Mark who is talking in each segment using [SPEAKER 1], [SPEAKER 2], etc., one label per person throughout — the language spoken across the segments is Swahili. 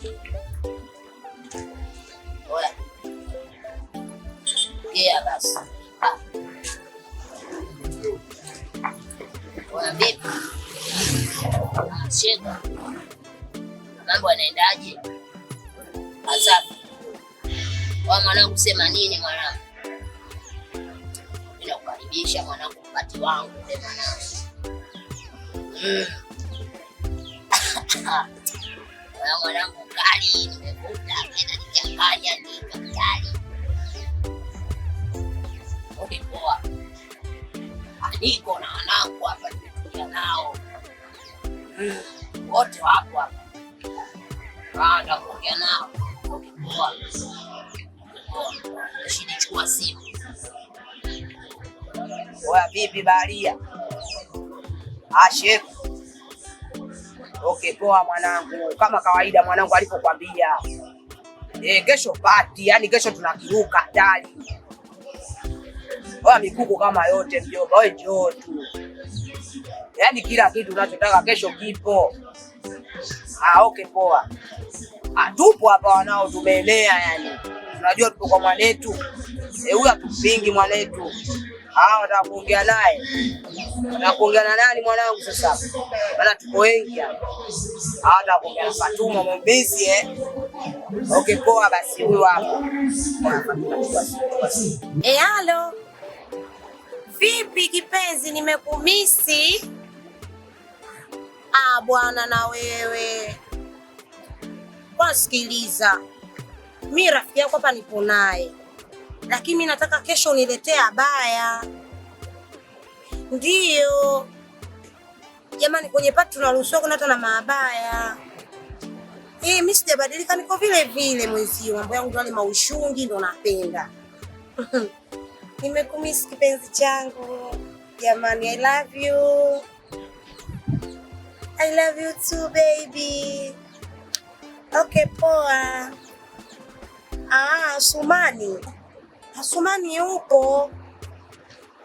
[SPEAKER 1] Yeah, basi vipi, shika mambo anaendaje? Asafi wa mwanangu, sema nini mwanangu? Ninakukaribisha mwanangu, mkati wangu eh, mwanangu. Mm. mwanangu kali ah, niko na wanangu hapa, nimetulia nao hmm, wote wako hapa, ah, nitakuongea nao. Poa, shinichukua simu. Oya, vipi baharia? Ashe ah, Okay, poa mwanangu, kama kawaida mwanangu alipokwambia. Eh, kesho pati, yani kesho tunakiruka tali. Oya mikuku kama yote mjomba, wewe njoo tu. Yaani kila kitu unachotaka kesho kipo. Ah, okay poa. Ah, tupo hapa wanao, tumeenea yani. Unajua tupo kwa mwanetu. Eh, huyu atupingi mwanetu hawa ah, nataka kuongea naye. Na kuongea na nani mwanangu sasa? Maana tuko wengi hapa. Hawa ah, nataka kuongea na Fatuma Mumbizi eh. Okay, poa basi huyu hapo. Eh, halo. Vipi kipenzi, nimekumisi. Ah, bwana na wewe. Kwa sikiliza. Mimi rafiki yako hapa nipo naye lakini mimi nataka kesho uniletee abaya. Ndiyo jamani, kwenye pati tunaruhusiwa kuna hata na maabaya. Eh, mimi sijabadilika, niko vile vile mwezio, mambo yangu ndio maushungi ndio napenda. Nimekumiss kipenzi changu jamani, I love you. I love you too baby. Okay, poa. Ah, Sumani. Asumani yuko.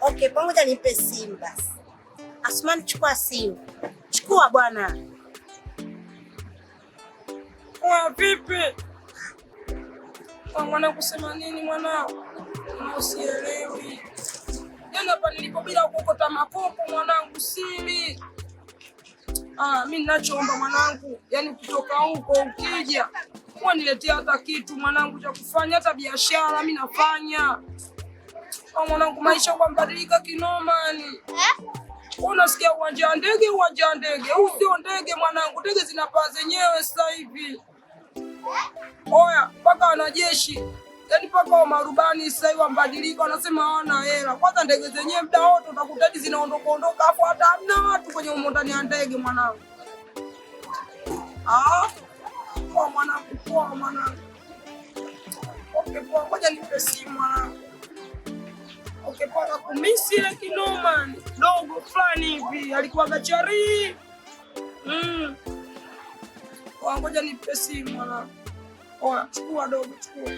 [SPEAKER 1] Okay, pamoja nipe simba Asumani chukua simu. Chukua bwana. Kwa vipi? Mwana kusema nini mwanao? Usielewi. Jana yaani hapa nilipo bila kuokota makopo mwanangu sili. Ah, mimi ninachoomba mwanangu, yani kutoka huko ukija kwa niletea hata kitu mwanangu cha kufanya, hata biashara mimi nafanya. Kwa oh, mwanangu, maisha kwa mbadilika kinoma yani. Eh? Unasikia uwanja wa ndege, uwanja wa ndege. Huu sio ndege mwanangu, ndege zinapaa zenyewe sasa hivi. Eh? Oya, mpaka wanajeshi yaani mpaka marubani sasa hivi wabadilika, wanasema hawana hela. Kwanza ndege zenyewe mda wote utakuta zinaondoka ondoka, afu hata hamna watu kwenye umo ndani ya ndege mwanangu. Ah. Poa mwanangu, poa mwanangu. Okay, poa, ngoja nipe simu mwanangu. Okay, poa, nakumisi ile kinoma dogo fulani hivi alikuwa gachari. Mm. Poa, ngoja nipe simu mwanangu. Poa, chukua dogo, chukua.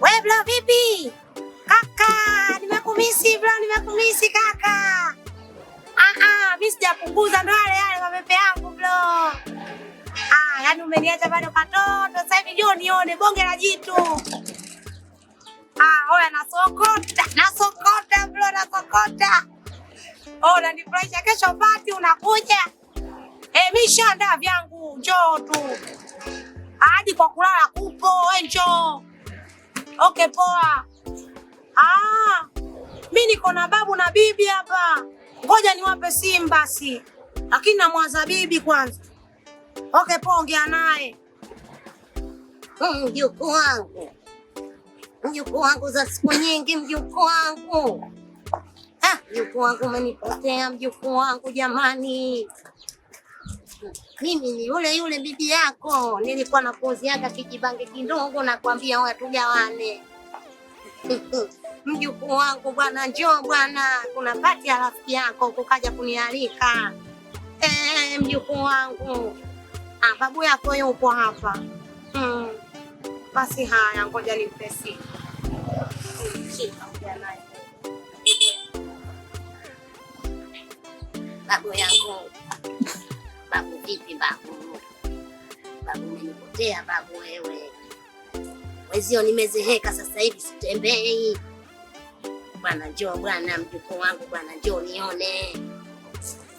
[SPEAKER 1] Wewe bla, vipi? Kaka, nimekumisi bla, nimekumisi kaka. Ah ah, mimi sijapunguza ndo yale yale mapepe yangu bla. Ah, yani umeniacha bado katoto, sasa hivi njoo nione bonge la jitu. Ah, oya nasokota, nasokota bro, nasokota. Oh, nifurahisha kesho party unakuja. Eh, mimi shanda vyangu, njoo tu. Hadi kwa kulala kupo, wewe njoo. Okay, poa. Ah, mimi niko na babu na bibi hapa. Ngoja niwape simu basi. Lakini namwaza bibi kwanza. Okay, po ongea naye oh, mjukuu wangu, mjukuu wangu za siku nyingi, mjukuu wangu, mjukuu wangu umenipotea, mjukuu wangu jamani. Mimi ni yule yule bibi yako, nilikuwa nakuuziaga kijibange kidogo na watugawane Mjukuu wangu bwana, njoo bwana, kuna pati ya rafiki yako kukaja kunialika. E, mjukuu wangu Ah, babu yako yupo hapa. Mm. Basi haya, ngoja nimpe simu. Babu yangu. Babu vipi babu? Babu umenipotea babu wewe. Wezio nimezeheka sasa hivi sitembei. Bwana njoo bwana mjukuu wangu bwana njoo nione.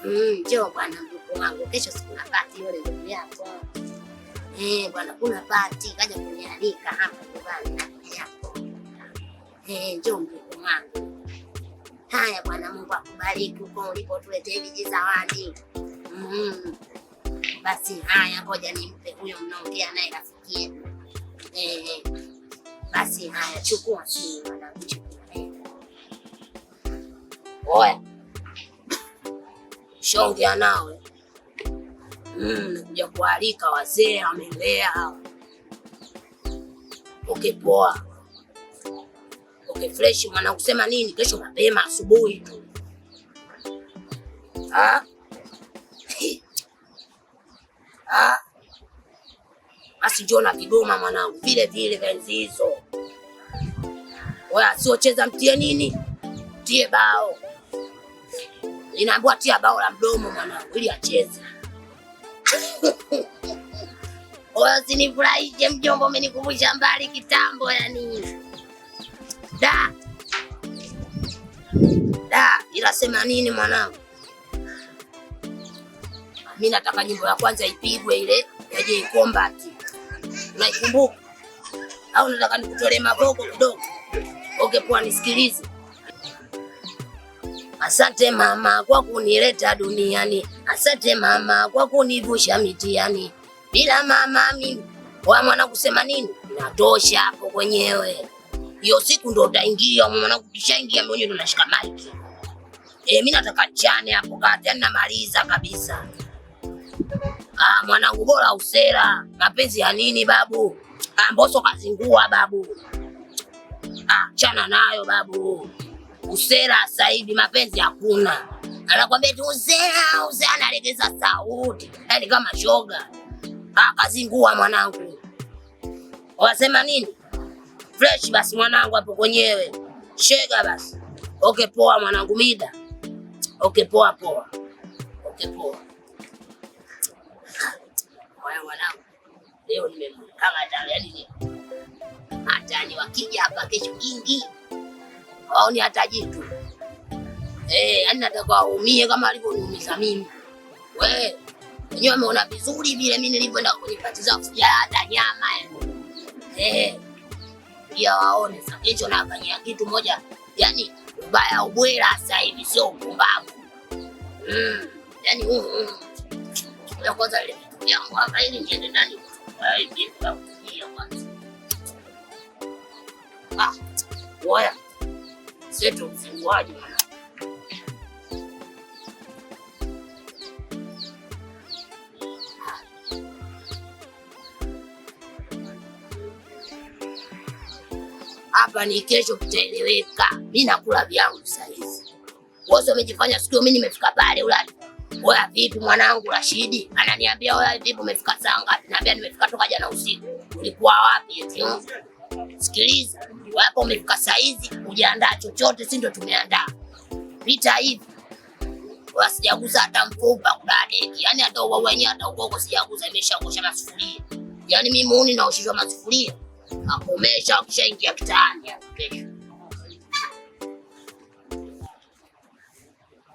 [SPEAKER 1] Mm, njoo bwana wangu, kesho sikuna pati yule ndugu yako. Eh, bwana kuna pati kaja kunialika hapa nyumbani na ndugu yako. Eh, njoo mjukuu wangu. Haya bwana, Mungu akubariki huko ulipo, tuletee zawadi Mm. -hmm. Basi haya, ngoja nimpe huyo mnaongea naye rafiki yetu. Eh, basi haya, chukua simu bwana, chukua. Oya. Shongea nawe kuja mm, kualika wazee amelea. Okay, poa. Okay, fresh mwana kusema nini? Kesho mapema asubuhi tu. Ah? Ah? Basi njoo na Kigoma mwanangu, vile vile venzi hizo. Wewe siocheza mtie nini? Tie bao. Inaambiwa tia bao la mdomo mwanangu ili acheze. Usinifurahishe mjomba, umenikumbusha mbali kitambo. Yani da da, ila sema nini mwanangu, mi nataka nyimbo ya kwanza ipigwe ile ya Jay Combat, unaikumbuka au nataka nikutolee maboko kidogo? Okay, poa, nisikilize. Asante mama kwa kunileta duniani, asante mama kwa kunivusha mitiani. Bila mama mimi wa mwana kusema nini? Natosha hapo kwenyewe. Hiyo siku ndo utaingia mwana, kishaingia mwenyewe ndo nashika maiki. Eh, mimi nataka chane hapo kati, yani namaliza kabisa. Ah, mwanangu bora usera. Mapenzi ya nini babu? Ah, mboso kazingua babu. Ah, chana nayo babu usera saidi mapenzi hakuna, anakwambia tu usera usera, analegeza sauti yani kama shoga ah, akazingua. Mwanangu wasema nini? Fresh basi mwanangu, hapo kwenyewe shega basi. Okay, poa mwanangu, mida. Okay, poa poa. Okay, poa mwanangu, leo nimemkama tayari, yani hatani wakija hapa kesho kingi waoni hata jitu eh, yani nataka waumie kama alivyoniumiza mimi. We wenyewe wameona vizuri vile mimi nilivyoenda kwenye pati zao hata nyama eh. eh, pia waone sasa hicho nafanyia kitu moja, yani ubaya ubwela sasa hivi sio upumbavu mm, yani uh, uh. Ya kwanza ile vitu vyangu hapa ili niende ndani kuchukua hivi kwanza. Ah, waya zetu mfunguaji hapa ni kesho kutaeleweka. Mimi nakula vyangu sasa hizi. Wote wamejifanya sikio mimi nimefika pale ulali. Oya vipi mwanangu Rashidi? Ananiambia oya vipi umefika saa ngapi? Naambia nimefika toka jana usiku. Ulikuwa wapi eti? Sikiliza, iwapo umefika saizi ujaandaa chochote, si ndio tumeandaa vita hivi, wasijaguza hata mfupa kubadeki, yani hata uwa wenyewe hata ukoko sijaguza, imeshaangusha masufuria. Yani mimi muuni naoshishwa masufuria, akomesha kishaingia kitaani kesho